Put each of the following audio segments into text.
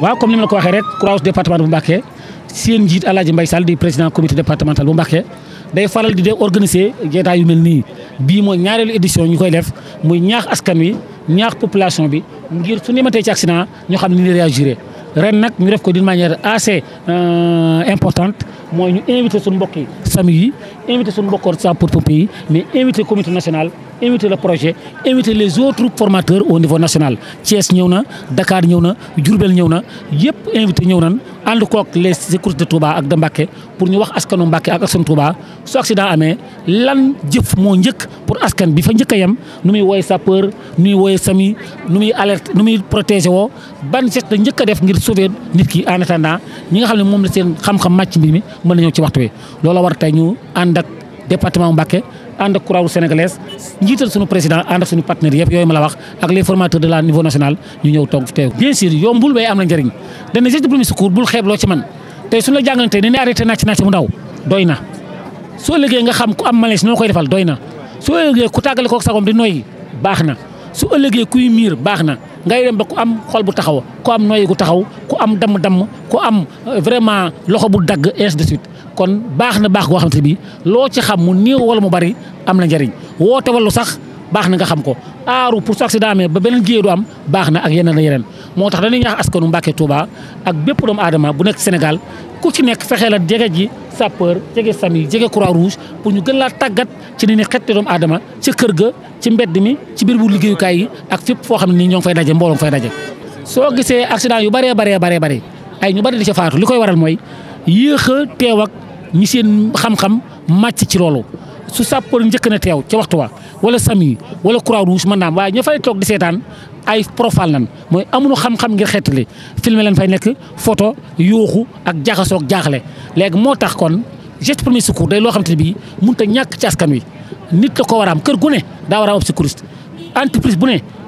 waaw comme ni ma la ko waxee rek Croix-Rouge département bu Mbacké seen njiit Alaaji Mbaye Sall di président comité départemental bu Mbacké day faral di de organiser jotaay yu mel nii bii mooy ñaareelu édition ñu koy def muy ñaax askan wi ñaax population bi ngir su nematee ci accident ñoo xam ni ñuy réagir ren nag ñu def ko d'une manière assez euh, importante mooy ñu invité suñu mbokk yi SAMU yi invité suñu mbokk sapeurs-pompiers yi mais invité comité national invité le projet invité les autres formateurs au niveau national Thiès ñëw na Dakar ñëw na Diourbel ñëw na yëpp invité ñëw nan ànd kook les secours de Touba ak de Mbacké pour ñu wax askanu Mbacké ak askanu Touba su accident amee lan jëf moo njëkk pour askan bi fa njëkk a yem nu muy woowee sapeur nu muy woowee sami nu muy alerte nu muy protéger woo ban geste la njëkk a def ngir sauver nit ki en attendant ñi nga xam ne moom la seen xam-xam màcc mbir mi mën na ñëw ci waxtu wi. looloo war tey ñu ànd ak département Mbacké ànd ak Croix-Rouge sénégalaise njiital suñu président ànd ak suñu partenaires yëpp yooyu ma la wax ak les formateurs de niveau national ñu ñëw toog fi teew bien sûr yombul waaye am na njëriñ dana geste de premier secours bul xeeb loo ci man tey suñu la jàngalee tey dañuy arrêté nàcc nàcc mu ndaw doy na soo liggéey nga xam ku am malaise noo koy defal doy na soo liggéey ku tàggale kook sagom di noyyi baax na su ëllëgee kuy miir baax na ngay dem ba ku am xool bu taxaw ku am noyyi gu taxaw ku am damm dam ku am euh, vraiment loxo bu dagg ainsi de suite kon baax na baax goo xam te bi loo ci xam mu néew wala mu bari am na njëriñ te wallu sax baax na nga xam ko aaru pour su accident amee ba beneen géyee du am baax na ak yeneen yeneen moo tax dañuy ñaax askanu Mbàkke Touba ak bépp doomu aadama bu nekk Sénégal ku ci nekk fexee la jege ji sapeur jege famille jege croix rouge pour ñu gën laa tàggat ci ni ni xetti doomu aadama ci kër ga ci mbedd mi ci biir bu kaay yi ak fépp foo xam ne nii ñoo ngi fay daje mbooloo ngi fay daje. soo gisee accident yu bëree baree baree bëri ay ñu bëri di ca faatu li koy waral mooy yéex teew ak ñi seen xam-xam màcc ci loolu su sapeur njëkk na teew ca waxtu wa wala sami wala croix rouge mën naa waaye ña fay toog di seetaan ay profil lan mooy amuñu xam-xam ngir xeetali filmer leen fay nekk foto yuuxu ak jaxasoog jaaxle léegi moo tax kon geste premier secours day loo xam te ne bii mënut a ñàkk ci askan wi nit la ko war a am kër gu daa war a am ab entreprise bu ne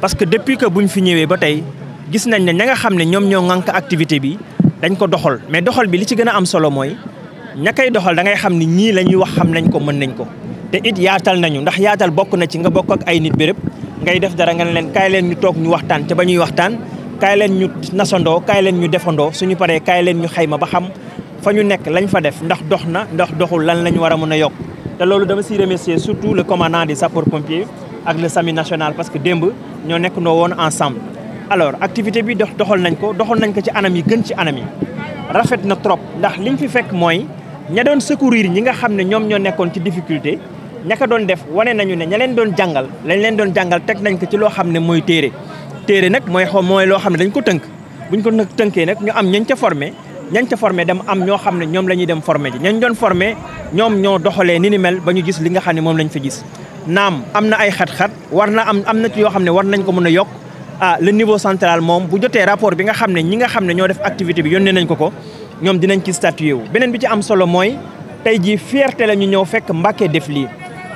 parce que depuis que buñ fi ñëwee ba tey gis nañ ne ña nga xam ne ñoom ñoo ŋànk activité bi dañ ko doxal mais doxal bi li ci gën a am solo mooy ña koy doxal da ngay xam ni ñii la ñuy wax xam nañ ko mën nañ ko. te it yaatal nañu ndax yaatal bokk na ci nga bokk ak ay nit béréb ngay def dara nga leen kaay leen ñu toog ñu waxtaan te ba ñuy waxtaan kaay leen ñu nasandoo kaay leen ñu defandoo suñu paree kaay leen ñu xayma ba xam fa ñu nekk lañ fa def ndax dox na ndax doxul lan lañ war a mën a yokk te loolu dama siy remercier surtout le commandant des sapeurs pompiers ak national parce que démb ñoo nekk noo woon ensemble. alors activité bi dox doxal nañ ko doxal nañ ko ci anam yi gën ci anam rafet na trop ndax liñ fi fekk mooy ña doon secourir ñi nga xam ne ñoom ñoo nekkoon ci difficulté. ña doon def wane nañu ne ña leen doon jàngal lañ leen doon jàngal teg nañ ko ci loo xam ne mooy téere téere nag mooy xaw mooy loo xam ne dañ ko tënk buñ ko nag tënkee nag ñu am ñañ ca formé ñañ ca formé dem am ñoo xam ne ñoom la ñuy dem forme ji ñañ doon formé ñoom ñoo doxalee ni ni mel ba ñu gis li nga xam ne moom lañ fa gis naam am na ay xat-xat war na am am na ci yoo xam ne war nañ ko mën a yokk ah le niveau central moom bu jotee rapport bi nga xam ne ñi nga xam ne ñoo def activité bi yónnee nañ ko ko ñoom dinañ ci statué wu. beneen bi ci am solo mooy tey jii fierté la ñu ñëw fekk Mbacké def lii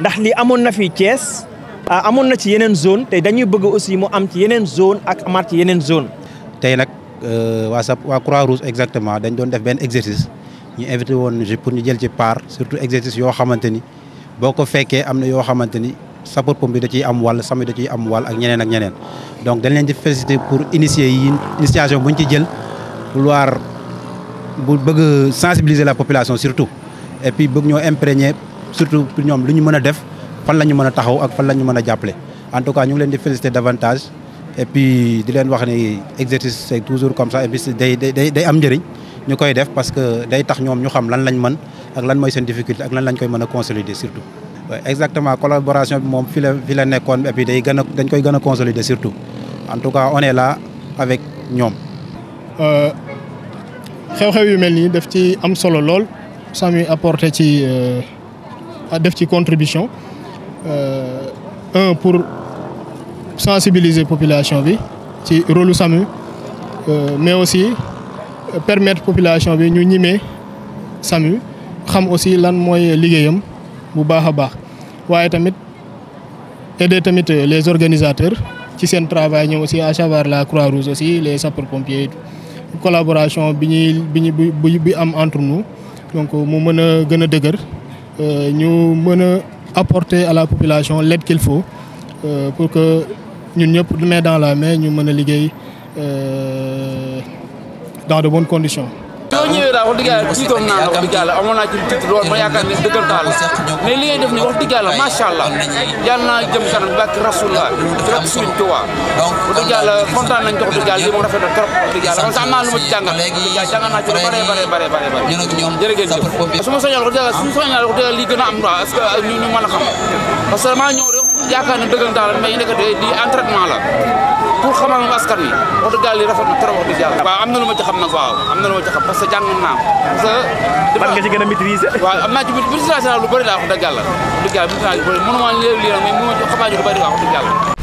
ndax lii amoon na fii Thiès ah, amoon na ci yeneen zone tey dañuy bëgg aussi mu am ci yeneen zone ak amaat ci yeneen zone. tey nag euh, waa sa waa Croix-Rouge exactement dañ doon def benn exercice ñu invité woon pour ñu jël ci part surtout exercice yoo xamante ni. boo ko fekkee am na yoo xamante ni sapeur pompier bi da ciy am wàll sami da ciy am wàll ak ñeneen ak ñeneen donc dañ leen di féliciter pour initier yi initiation bu ñu ci jël vouloir bu bëgg sensibiliser la population surtout et bëgg ñoo imprégner surtout pour ñoom lu ñu mën a def fan la ñu mën a taxaw ak fan la ñu mën a jàppale en tout cas ñu leen di féliciter davantage et di leen wax ni exercice c'est toujours comme ça et puis day day day am njëriñ ñu koy def parce que day tax ñoom ñu xam lan lañ mën ak lan mooy seen difficulté ak lan lañ koy mën a consolider surtout. exactement collaboration bi moom fi la la nekkoon et day gën a dañ koy gën a consolider surtout en tout cas on est avec ñoom. Euh, xew-xew yu mel nii def ci am solo lool Samy apporté ci euh, def ci contribution euh, un pour sensibiliser population bi ci rôle Samy mais aussi permettre population bi ñu ñime Samy xam aussi lan mooy liggéeyam bu baax a baax waaye tamit aider tamit les organisateurs ci seen travail ñoom aussi à travers la Croix-Rouge aussi les sapeurs-pompiers collaboration bi ñuy bi ñu bi bi am entre nou donc mu mën a gën a dëgër euh, ñu mën a apporter à la population l'aide qu'il faut euh, pour que ñun ñëpp main dans la mais ñu mën a liggéey euh, dans de bonnes conditions ñoo ñëwee daal wax dëgg yàlla tiitoon naa wax dëgg yàlla amoon naa ci tiit lool ma yaakaar ne dëggantaan la mais li ngay def nii wax dëgg yàlla macha allah naa jëm kanam bàkk rasulullah ci rek suñu Tuubaa wax dëgg yàlla kontaan nañ wax dëgg yàlla li rafet na trop wax dëgg yàlla am naa lu ma ci lii gën a am daal est-ce ñu mën a xam parce que maa ñëw rek yaakaar ne dëggantaan la mais nekk di entraînement la pour xamal askan wi wax dëgg yàlla rafetlu trop wax dëgg yàlla. waaw am na lu ma ci xam nag waaw am na lu ma ci xam parce que jàng naa parce que. man nga ci gën a maîtriser. waaw am naa ci maîtrise nationale lu bëri laa wax dëgg yàlla. wax dëgg yàlla maîtrise naa lu bëri mënuma léeg-léeg mais mënuma xamaa ñu lu bëri wax dëgg yàlla.